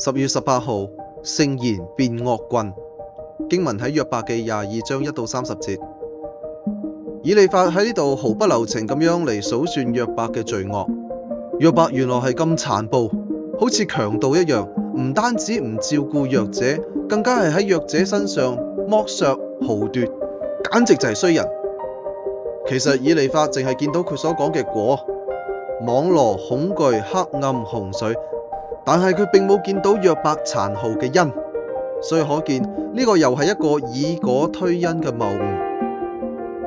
十月十八號，聖賢變惡棍。經文喺約伯記廿二章一到三十節，以利法喺呢度毫不留情咁樣嚟數算約伯嘅罪惡。約伯原來係咁殘暴，好似強盜一樣，唔單止唔照顧弱者，更加係喺弱者身上剝削豪奪，簡直就係衰人。其實以利法淨係見到佢所講嘅果：網羅、恐懼、黑暗、洪水。但係佢並冇見到約伯殘酷嘅因，所以可見呢個又係一個以果推因嘅謬誤。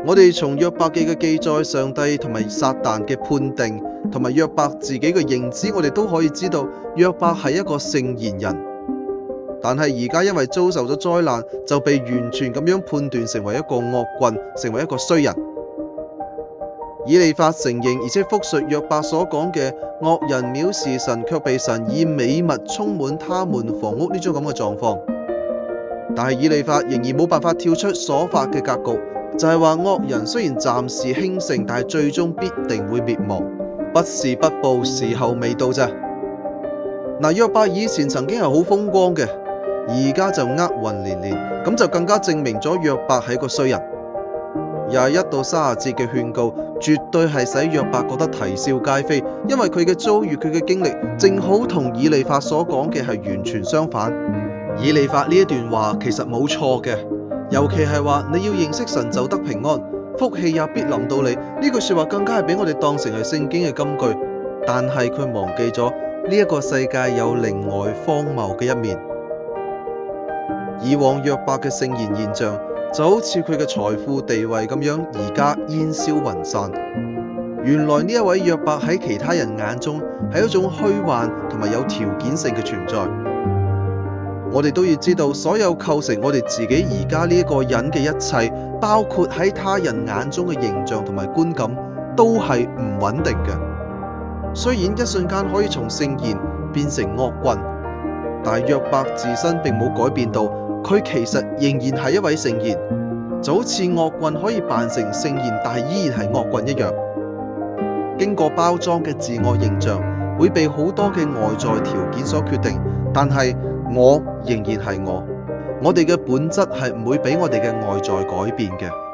我哋從約伯記嘅記載、上帝同埋撒旦嘅判定，同埋約伯自己嘅認知，我哋都可以知道約伯係一個聖賢人。但係而家因為遭受咗災難，就被完全咁樣判斷成為一個惡棍，成為一個衰人。以利法承認，而且複述約伯所講嘅惡人藐視神，卻神，卻被神以美物充滿他們房屋呢種咁嘅狀況。但係以利法仍然冇辦法跳出瑣法嘅格局，就係、是、話惡人雖然暫時興盛，但係最終必定會滅亡，不是不報，時候未到咋。嗱，約伯以前曾經係好風光嘅，而家就厄運連連，咁就更加證明咗約伯係個衰人。廿一到三十節嘅勸告，絕對係使約伯覺得啼笑皆非，因為佢嘅遭遇佢嘅經歷，正好同以利法所講嘅係完全相反。以利法呢一段話其實冇錯嘅，尤其係話你要認識神就得平安，福氣也必臨到你，呢句說話更加係俾我哋當成係聖經嘅金句。但係佢忘記咗呢一個世界有另外荒謬嘅一面。以往約伯嘅聖賢形象。就好似佢嘅財富地位咁樣，而家煙消雲散。原來呢一位約伯喺其他人眼中係一種虛幻同埋有條件性嘅存在。我哋都要知道，所有構成我哋自己而家呢一個人嘅一切，包括喺他人眼中嘅形象同埋觀感，都係唔穩定嘅。雖然一瞬間可以從聖賢變成惡棍。但約伯自身並冇改變到，佢其實仍然係一位聖賢，就好似惡棍可以扮成聖賢，但係依然係惡棍一樣。經過包裝嘅自我形象會被好多嘅外在條件所決定，但係我仍然係我，我哋嘅本質係唔會俾我哋嘅外在改變嘅。